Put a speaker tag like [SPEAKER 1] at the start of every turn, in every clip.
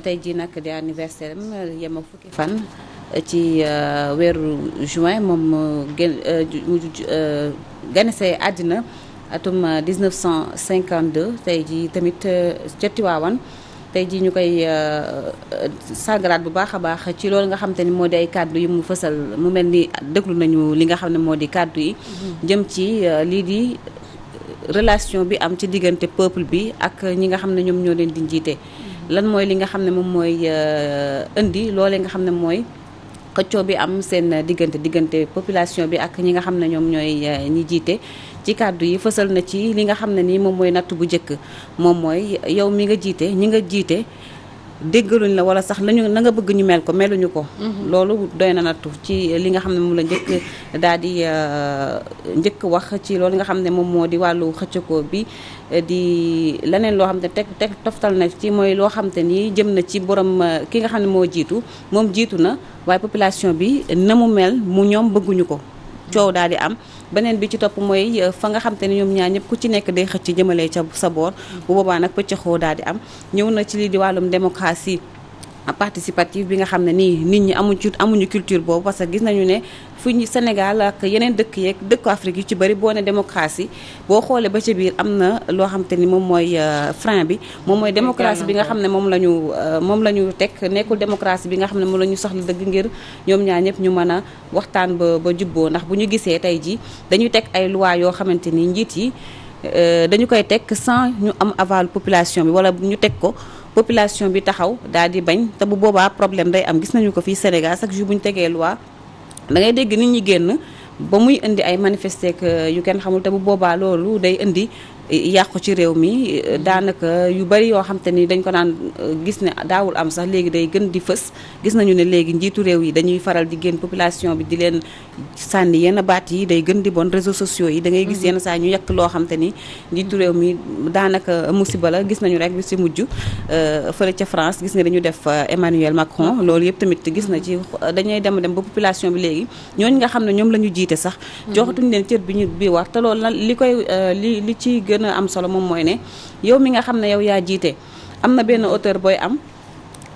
[SPEAKER 1] tey jii nag di anniversaire am euh, fukki fan euh, ci euh, weeru juin moom gën àddina gane see àddina cinquante 1952 tey jii tamit cettiwaawan tey jii ñu koy sàggaraat bu baax a baax ci loolu nga xam te ni moo di ay kàddu yi mu fësal mu mel ni déglu nañu li nga xam ne moo di kàddu yi mm-hmm. jëm ci lii di relation bi am ci diggante peuple bi ak ñi nga xam ne ñoom ñoo leen di njiite lan mooy li nga xam ne moom mooy euh, indi loole nga xam ne mooy xëccoo bi am seen diggante diggante population bi ak ñi nga xam ne ñoom ñooy euh, ñi jiite ci kàddu yi fësal na ci li nga xam ne nii moom mooy natt bu njëkk moom mooy yow mi nga jiite ñi nga jiite déggaluñ la wala sax lañu la nga bëgg ñu mel ko meluñu ko mhm. loolu doy na nattu ci li nga xam ne moom la njëkk daal di euh, njëkk wax ci loolu nga xam ne moom moo di wàllu xëccakoo bi euh, di leneen loo xam ne teg teg toftal na ci mooy loo xam te ni jëm na ci borom euh, ki nga xam ne moo jiitu moom jiitu na waaye population bi na mu mel mu ñoom bëgguñu ko coow daal di am beneen bi ci topp mooy euh, fa nga xam te ne ñoom ñaar ñëpp ku ci nekk day xëcc jëmale ca sa boor bu boobaa nag pëccëxoo daal di am ñëw na ci lii di wàllum démocratie participative bi nga xam ne nii nit ñi amuñu amuñu culture boobu parce que gis nañu ne fu ñu Sénégal ak yeneen dëkk yeeg dëkk Afrique yu ci bëri boo ne démocratie boo xoolee ba ci biir am na loo xam ni moom mooy euh, frein bi moom mooy démocratie bi nga xam ne moom la ñu euh, moom la ñu teg nekkul démocratie bi nga xam ne moom la ñu soxla dëgg ngir ñoom ñaar ñëpp ñu mën a waxtaan ba ba jubboo ndax bu ñu gisee tey ji dañuy teg ay loi yoo xamante nii njiit yi euh, dañu koy teg sans ñu am aval population bi wala ñu teg ko population bi taxaw daal di bañ te bu boobaa problème day am gis nañu ko fii Sénégal chaque jour bu ñu tegee loi da ngay dégg nit ñi génn ba muy indi ay manifester que euh, yu kenn xamul te bu boobaa loolu day indi yàqu ci réew mi daanaka yu bari yoo xam te ni dañ ko naan euh, gis ne daawul am sax léegi day gën di fës gis nañu ne léegi njiitu réew yi dañuy faral di génn population bi di leen sànni yenn baat yi day gën di bon réseaux sociaux yi da ngay gis mhm. yenn saa ñu yekk loo xam ni njiitu réew mi daanaka musiba la gis nañu rek bi si mujj euh, fële ca France gis nga dañu def euh, Emmanuel Macron mhm. loolu yëpp tamit gis na ci dañuy dem dem ba population bi léegi ñooñu gën am solo moom mooy ne yow mi nga xam ne yow yaa jiite am na benn hauteur booy am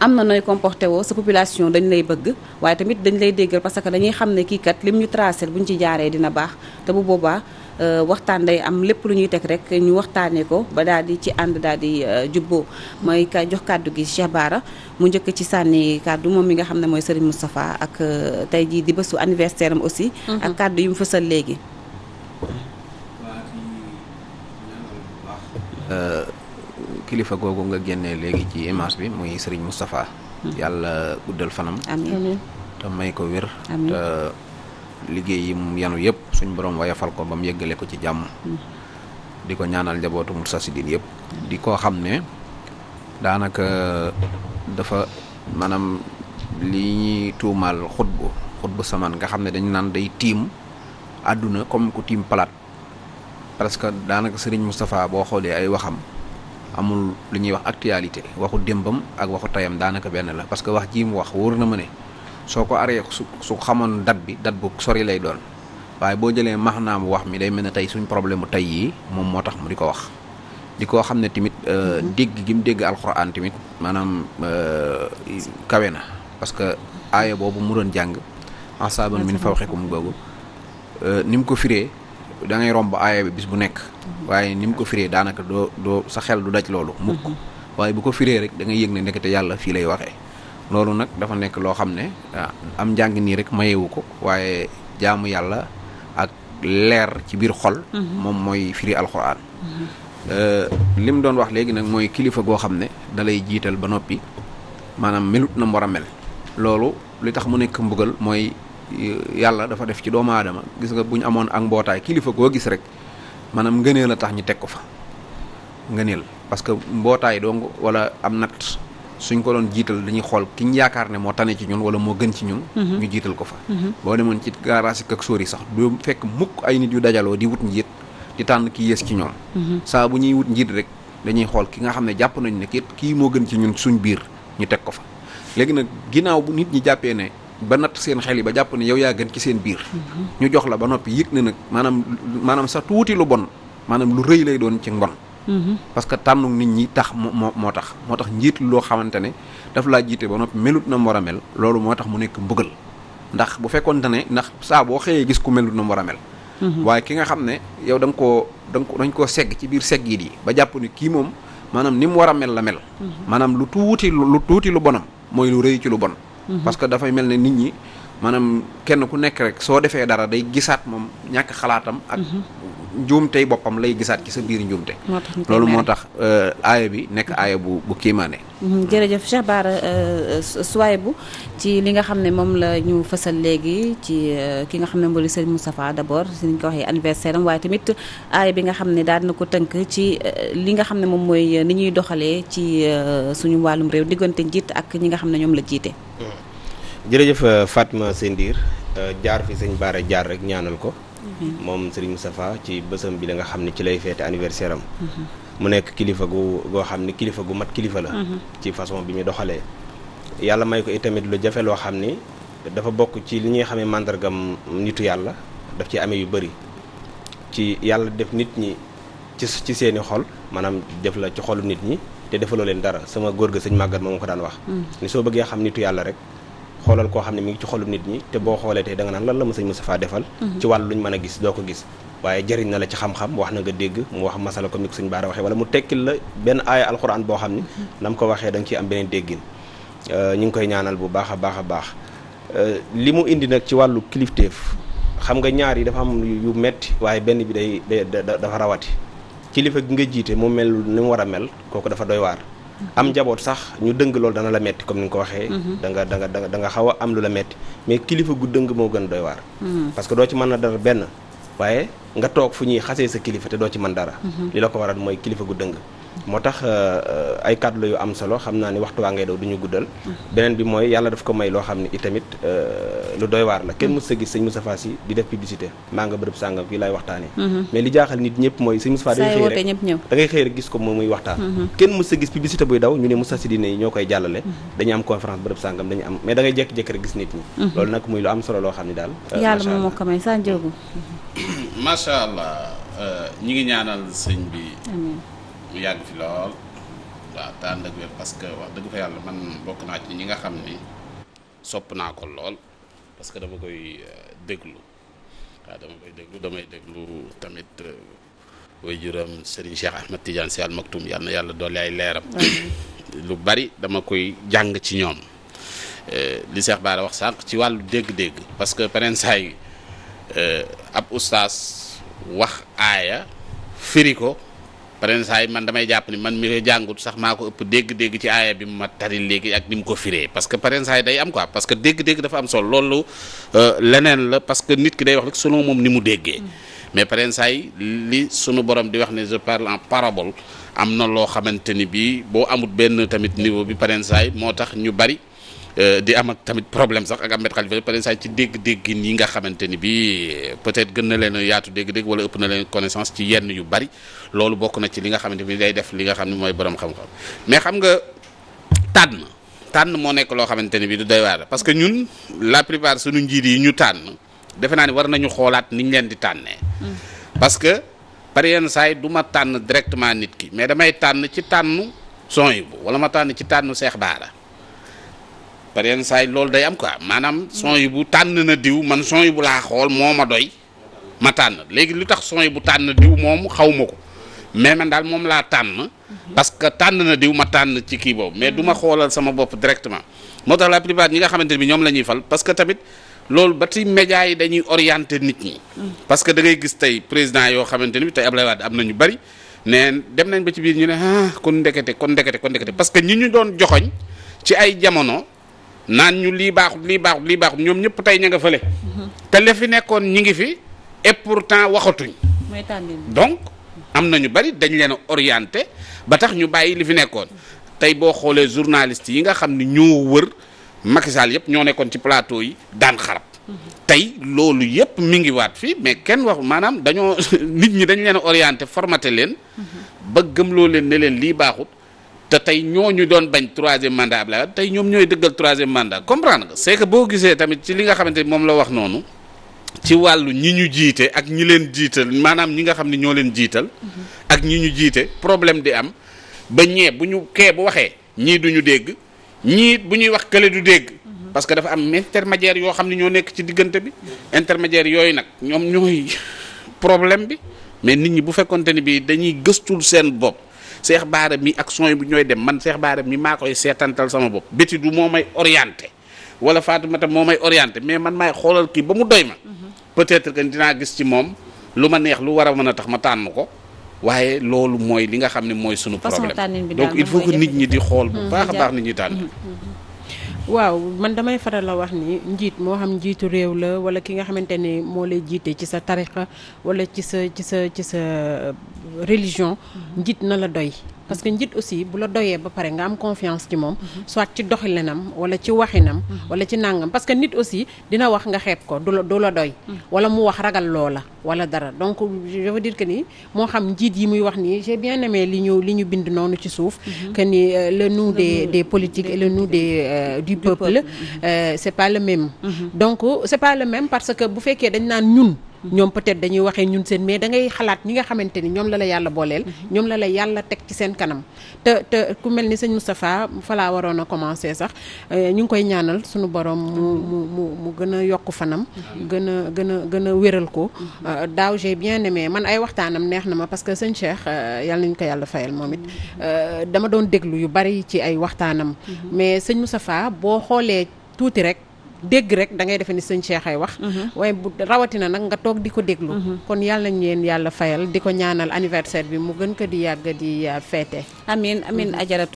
[SPEAKER 1] am na nooy comporté woo sa population dañ lay bëgg waaye tamit dañ lay déggal parce que dañuy xam ne kii kat lim ñu bu buñ ci jaaree dina baax te bu boobaa euh, waxtaan day am lépp lu ñuy teg rek ñu waxtaanee ko ba daal di ci ànd daal di euh, jubboo mooy ka jox kàddu gi Cheikh Bara mu njëkk ci sànni kàddu moom mi nga xam ne mooy Serigne Moustapha ak euh, tey jii di bésu anniversaire am aussi. Mm-hmm. ak kàddu yu mu fësal léegi.
[SPEAKER 2] Euh, kilifa googu nga génne léegi ci image bi muy Serigne Moustapha. yàlla guddal fanam. te may ko wér. te liggéey yi mu yanu yëpp suñ borom wayafal ko ba mu yëggale ko ci jàmm. Mm. di ko ñaanal njabootu Moustarchidine yëpp. di ko xam ne daanaka dafa maanaam li ñuy tuumaal xutbu xutbu samaan nga xam ne dañ naan day tiim àdduna comme ku tiim palaat. parce que daanaka sëriñ Moustapha boo xoolee ay waxam amul lu ñuy wax actualité waxu démbam ak waxu tayam daanaka benn la parce que wax jii mu wax wóor na ma ne soo ko aree su su xamoon dat bi dat bu sori lay doon waaye boo jëlee max naa mu wax mi day mel ne tey suñ problème mu tey moom moo tax mu di ko wax di koo xam ne tamit euh, mm-hmm. dégg gi mu dégg alxuraan tamit maanaam euh, kawe na parce que aaya boobu mu doon jàng asaaban min fawqikum googu euh, ni mu ko firee da romb aaya bi bis bu nekk mhm. waaye ni mu ko firee daanaka doo doo sa xel du daj loolu mukk mhm. waaye bu ko firee rek dangay ngay yëg ne ndekete yàlla fii lay waxee loolu nag dafa nekk loo xam ne ah, am njàng nii rek mayewu ko waaye jaamu yàlla ak leer ci biir xol mhm. moom mooy firi alxuraan euh, li mu doon wax léegi nag mooy kilifa goo xam ne dalay jiital ba noppi maanaam melut na mu war a mel loolu li tax mu nekk mbugal mooy yàlla dafa def ci doomu aadama gis nga bu ñu amoon ak mbootaay kilifa goo gis rek maanaam ngëneel a tax ñu teg ko fa ngëneel parce que mbootaay dong wala am nat suñ ko doon jiital dañuy xool ki yaakaar ne moo tane ci ñun wala moo gën ci ñun. Mhm. jiital ko fa. Mhm. boo demoon ci garage ak sóor yi sax du fekk mukk ay nit yu dajaloo di wut njiit tànn ki yées ci ñoom. Mhm. saa bu ñuy wut njiit rek dañuy xool ki nga xam ne jàpp nañ ne kii moo gën ci ñun suñ biir ñu teg ko fa. léegi nag ginnaaw bu nit ñi jàppee ne ba natt seen xel yi ba jàpp ne yow yaa gën ci seen biir. ñu jox la ba noppi yëg na nag maanaam maanaam sa tuuti lu bon maanaam lu rëy lay doon ci ngon. parce que tànnu nit ñi tax moo moo moo tax moo tax njiit loo xamante ne daf laa jiite ba noppi melut na mu war a mel. loolu moo tax mu nekk mbugal ndax bu fekkonte ne ndax saa boo xëyee gis ku melut na war a mel. waaye ki nga xam ne yow da nga koo ko dañ koo segg ci biir segg yi di ba jàpp ni kii moom maanaam ni mu war a mel la mel. Mhm. maanaam lu tuuti lu tuuti lu bonam mooy lu rëy ci lu bon. Mhm. parce que dafay mel ne nit ñi maanaam kenn ku nekk rek soo defee dara day gisaat moom ñàkk xalaatam ak mhm. njuumtey boppam lay gisaat ci sa biir njuumte loolu moo tax euh, aaya bi nekk aaya bu bu kiimaane
[SPEAKER 1] mm-hmm. jërëjëf Cheikh Bara euh, suwaay bu ci li nga xam ne moom la ñu fësal léegi ci euh, ki nga xam ne mbali Serigne Moustapha d'abord si niñ ko waxee anniversaire am waaye tamit aaya bi nga xam ne daal na ko tënk ci li nga xam ne moom mooy ni ñuy doxalee ci suñu wàllum réew diggante njiit ak ñi nga xam ne ñoom la jiite mm.
[SPEAKER 3] jërëjëf Fatma Sendir jaar fi sëñ Bara jaar rek ñaanal ko moom Serigne Moustapha ci bësam bi la nga xam ne ci lay feete anniversaire am mhm. mu nekk kilifa gu goo xam ne kilifa gu mat kilifa la mhm. ci façon bi muy doxalee yàlla may ko itamit lu jafe loo xam ni dafa bokk ci li ñuy xamee màndargam nitu yàlla daf ci amee yu bari ci yàlla def nit ñi ci ci seeni xol maanaam def la ci xolu nit ñi te defaloo leen dara sama góor ga sëñ màggat moom ko daan wax mhm. ni soo bëggee xam nitu yàlla rek xoolal koo xam ne mu ngi ci xolum nit ñi te boo xoolee tey da nga naan lan la ma sëñ Moustapha defal mhm. ci wàllu luñ mën a gis doo ko gis waaye jariñ na la ci xam-xam wax na nga dégg mu wax masala ko ni ko sëñ Baara waxee wala mu tekkil la benn aaya alxuraan boo xam ne mhm. na ko waxee da nga ciy am beneen déggin euh, ñu ngi koy ñaanal bu baax a baax a baax euh, li mu indi nag ci wàllu kilifteef xam nga ñaar yi dafa am yu metti waaye benn bi day dafa rawati kilifa gi nga jiite mu mel ni mu war a mel kooku dafa doy waar am njaboot sax ñu dëng loolu dana la metti comme ni nga ko waxee mhm. da nga da da da nga xaw a am lu la metti mais kilifa gu dëng moo gën doy waar mhm. parce que doo ci mën na dara benn waaye nga toog fu ñuy xasee sa kilifa te doo ci man dara mhm. li la ko waral mooy kilifa gu dëng moo tax euh, euh, ay kàddu la yu am solo xam naa ni waxtu waa ngay daw du guddal. beneen bi mooy yàlla daf ko may loo xam ne itamit euh, lu doy waar la kenn mës a gis sëñ Moustapha Sy di def publicité maa nga bërëb sàngam fii laay waxtaanee. Mhm. mais li jaaxal nit ñëpp mooy sëñ Moustapha day xëy rek da ngay xëy rek gis ko moom muy waxtaan. Mhm. kenn mës a gis publicité buy daw ñu ne Moustapha Sy dine yi ñoo koy jàllale. Mhm. dañu am conférence bërëb sàngam dañu am mais da ngay jékki gis nit ñi.
[SPEAKER 1] sa njëgu.
[SPEAKER 4] mu yàgg fi lool waaw te ànd ak wér parce que wax dëgg fa yàlla man bokk naa ci ñi nga xam ni sopp naa ko lool parce que dama koy euh, déglu waaw dama koy déglu damay déglu tamit euh, way juram Serigne Cheikh Ahmed Tidiane Sy Al na yàlla dool ay leeram lu bari dama koy jàng ci ñoom euh, li Cheikh Bara wax sànq ci wàllu dégg-dégg parce que beneen ab ustaas wax aaya firi ko paren saa yi man damay jàpp ni man mi lay jàngut sax maa ko ëpp dégg-dégg ci aaya bi mu ma tari léegi ak ni mu ko fire parce que paren saa yi day am quoi parce que dégg-dégg dafa am solo loolu euh, leneen la parce que nit ki day wax rek selon moom ni mu déggee mais paren saa yi li sunu borom di wax ne je parle en parabole am na loo xamante ni bii boo amut benn tamit niveau bi paren saa yi moo tax ñu bari Euh, di am ak tamit problème sax ak Ahmed Khalifa peut être ci dégg-dégg yi nga xamante ni bi peut être gën na leen yaatu dégg-dégg wala ëpp na leen connaissance ci yenn yu bari loolu bokk na ci li nga xamante ni day def li nga xam ne mooy borom xam-xam mais xam nga tànn tànn moo nekk loo xamante ni bi du doy waar parce que ñun la plupart suñu njiit yi ñu tànn defe naa ni war nañu xoolaat niñ leen di tànnee mm. parce que par yenn saa yi du ma tànn directement nit ki mais damay tànn ci tànn son yi bu wala ma tànn ci tànn Seex Baara par yenn saa yi loolu day am quoi maanaam son yi bu tànn na diw man son yi bu laa xool moo ma doy ma tànn léegi lu tax son yi bu tànn diw moom xaw ma ko mais man daal moom laa tànn parce que tànn na diw ma tànn ci kii boobu mais du ma xoolal sama bopp directement moo tax la plupart ñi nga xamante ne bi ñoom la ñuy fal parce que tamit loolu ba ci médias yi dañuy orienté nit ñi. parce que da ngay gis tey président yoo xamante bi tey Abdoulaye Wade am na ñu bari ne dem nañ ba ci biir ñu ne ah, kon ndekete kon ndekete kon ndekete parce que ñi ñu doon joxoñ ci ay jamono. naan ñu lii baaxut lii baaxut lii baaxut ñoom ñëpp tey ña nga fële. Mhm. te la fi nekkoon ñi ngi fi et pourtant waxatuñ. donc am na ñu bari dañ leen a orienté ba tax ñu bàyyi li fi nekkoon tey boo xoolee journaliste yi nga xam ni ñoo wër Macky Sall yëpp ñoo nekkoon ci plateau yi daan xarab. Mhm. tey loolu yëpp mi ngi waat fii mais kenn wax maanaam dañoo nit ñi dañ leen a orienté formaté leen. Mhm. ba gëmloo leen ne leen lii baaxut. te tey ñu doon bañ troisième mandat Abdoulaye Wade tey ñoom ñooy dëggal troisième mandat comprendre nga c'est que boo gisee tamit ci li nga xamante moom la wax noonu ci wàllu ñi ñu jiite ak ñi leen jiital maanaam ñi nga xam ne ñoo leen jiital ak ñi ñu jiite problème di am ba ñee bu ñu kee bu waxee ñii duñu dégg ñii bu ñuy wax kële du dégg parce que dafa am intermédiaire yoo xam ne ñoo nekk ci diggante bi intermédiaire yooyu nag ñoom ñooy problème bi mais nit ñi bu fekkonte ni bi dañuy gëstul seen bopp Cheikh baara mi action son bu ñooy dem man Cheikh Bara mi maa koy seetantal sama bopp béti du moo may orienté wala Fatoumata moo may orienté mais man maay xoolal kii ba mu doy ma peut-être que dinaa gis ci moom lu ma neex lu war a mën a tax ma tànn ko waaye loolu mooy li nga xam ne mooy sunu problème donc il faut que nit ñi di xool bu baax a baax nit ñi tànn
[SPEAKER 5] mhm. waaw man damay faral la wax ni njiit moo xam njiitu réew la wala ki nga xamante ni moo lay jiite ci sa tariqa wala ci sa ci sa ci sa euh, religion mm-hmm. njiit na la doy parce que njit aussi bu la doyee ba pare nga am confiance ci moom mhm. soit ci doxalinam wala ci waxinam mhm. wala ci nàngam parce que nit aussi dina wax nga xeeb ko du la du doy mhm. wala mu wax ragal loola wala dara donc je veux dire que ni moo xam njiit yi muy wax nii j'ai bien aimé li ñu li ñu bind noonu ci suuf que ni euh, le nu des des politiques et le nous des euh, du peuple euh, c'est pas le même donc c'est pas le même parce que bu fekkee dañ naan ñun ñoom peut-être dañuy waxee ñun seen mais da ngay xalaat ñi nga xamante ni ñoom la la yàlla booleel. Mm-hmm. ñoom la la yàlla teg ci seen kanam. te te ku mel ni sëñ Moustapha fa laa waroon a commencer sax euh, ñu ngi koy ñaanal suñu borom mm-hmm. mu mu mu gën a yokk fanam. Mm-hmm. gën a gën a gën a wéral ko. Euh, daaw j'ai bien mais man ay waxtaanam neex na ma parce que sëñ Cheikh euh, yàlla nañu ko yàlla fayal moom it dama doon déglu yu bari ci ay waxtaanam. mais sëñ Moustapha boo xoolee tuuti rek. dégg rek da ngay defe ni sëñ Cheikh ay wax mhm. waaye bu rawatina nag nga toog di ko déglu mhm. kon yàlla ñu leen yàlla fayal di ko ñaanal anniversaire bi mu gën ko di yàgg di euh, feete amin amin mhm. ajaratu